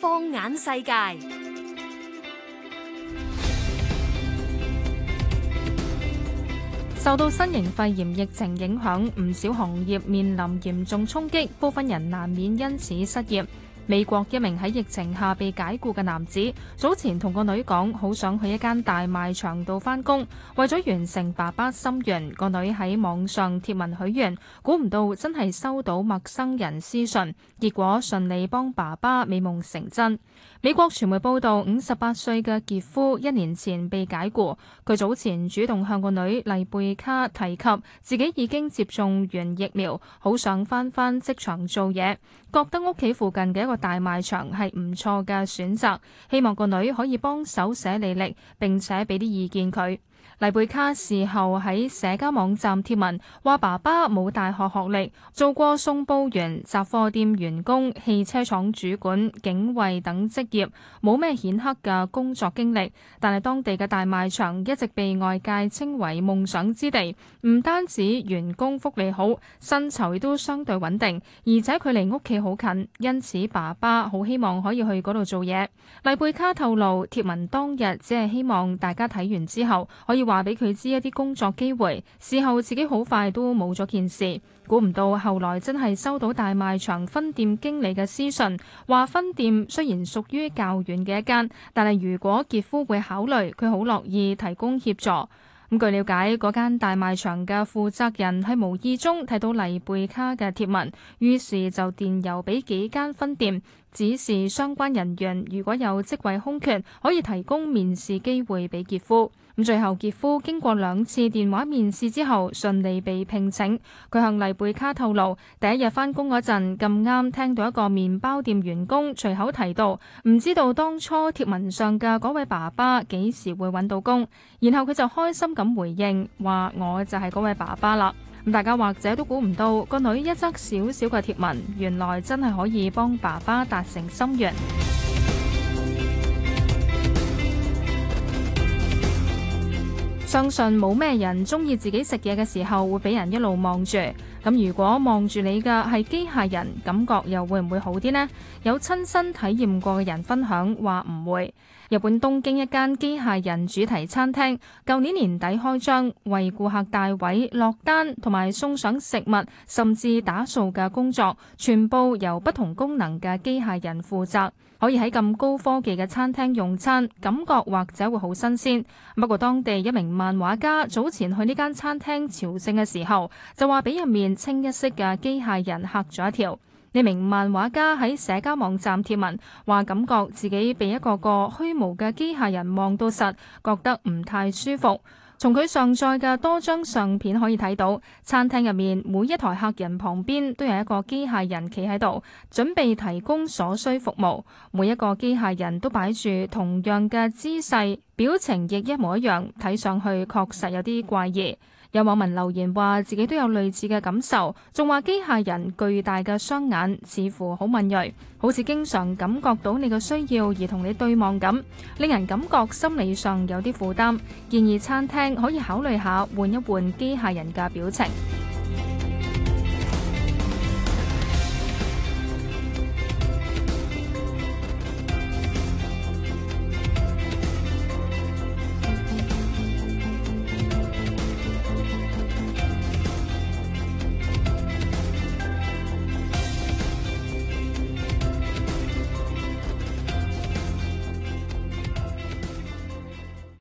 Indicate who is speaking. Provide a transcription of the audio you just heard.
Speaker 1: 放眼世界，受到新型肺炎疫情影響，唔少行業面臨嚴重衝擊，部分人難免因此失業。美國一名喺疫情下被解雇嘅男子，早前同個女講好想去一間大賣場度翻工，為咗完成爸爸心願，個女喺網上貼文許願，估唔到真係收到陌生人私信，結果順利幫爸爸美夢成真。美國傳媒報道，五十八歲嘅傑夫一年前被解雇，佢早前主動向個女麗貝卡提及自己已經接種完疫苗，好想翻翻職場做嘢，覺得屋企附近嘅一個。大賣場係唔錯嘅選擇，希望個女可以幫手寫履歷，並且畀啲意見佢。黎貝卡事後喺社交網站貼文，話爸爸冇大學學歷，做過送報員、雜貨店員工、汽車廠主管、警衛等職業，冇咩顯赫嘅工作經歷。但係當地嘅大賣場一直被外界稱為夢想之地，唔單止員工福利好，薪酬亦都相對穩定，而且佢離屋企好近，因此爸爸好希望可以去嗰度做嘢。黎貝卡透露，貼文當日只係希望大家睇完之後。可以話俾佢知一啲工作機會，事後自己好快都冇咗件事。估唔到後來真係收到大賣場分店經理嘅私信，話分店雖然屬於較遠嘅一間，但係如果傑夫會考慮，佢好樂意提供協助。咁據了解，嗰間大賣場嘅負責人喺無意中睇到黎貝卡嘅貼文，於是就電郵俾幾間分店。指示相關人員，如果有職位空缺，可以提供面試機會俾傑夫。咁最後傑夫經過兩次電話面試之後順利被聘請。佢向黎貝卡透露，第一日返工嗰陣，咁啱聽到一個麵包店員工隨口提到唔知道當初貼文上嘅嗰位爸爸幾時會揾到工，然後佢就開心咁回應話，我就係嗰位爸爸啦。咁大家或者都估唔到，個女一則少少嘅貼文，原來真係可以幫爸爸達成心願。相信冇咩人中意自己食嘢嘅時候會俾人一路望住。咁如果望住你嘅係機械人，感覺又會唔會好啲呢？有親身體驗過嘅人分享話唔會。日本東京一間機械人主題餐廳，舊年年底開張，為顧客帶位、落單同埋送上食物，甚至打掃嘅工作，全部由不同功能嘅機械人負責。可以喺咁高科技嘅餐廳用餐，感覺或者會好新鮮。不過當地一名漫畫家早前去呢間餐廳朝聖嘅時候，就話俾入面清一色嘅機械人吓咗一跳。呢名漫畫家喺社交網站貼文，話感覺自己被一個個虛無嘅機械人望到實，覺得唔太舒服。從佢上載嘅多張相片可以睇到，餐廳入面每一台客人旁邊都有一個機械人企喺度，準備提供所需服務。每一個機械人都擺住同樣嘅姿勢，表情亦一模一樣，睇上去確實有啲怪異。有網民留言話，自己都有類似嘅感受，仲話機械人巨大嘅雙眼似乎好敏銳，好似經常感覺到你嘅需要而同你對望咁，令人感覺心理上有啲負擔，建議餐廳可以考慮下換一換機械人嘅表情。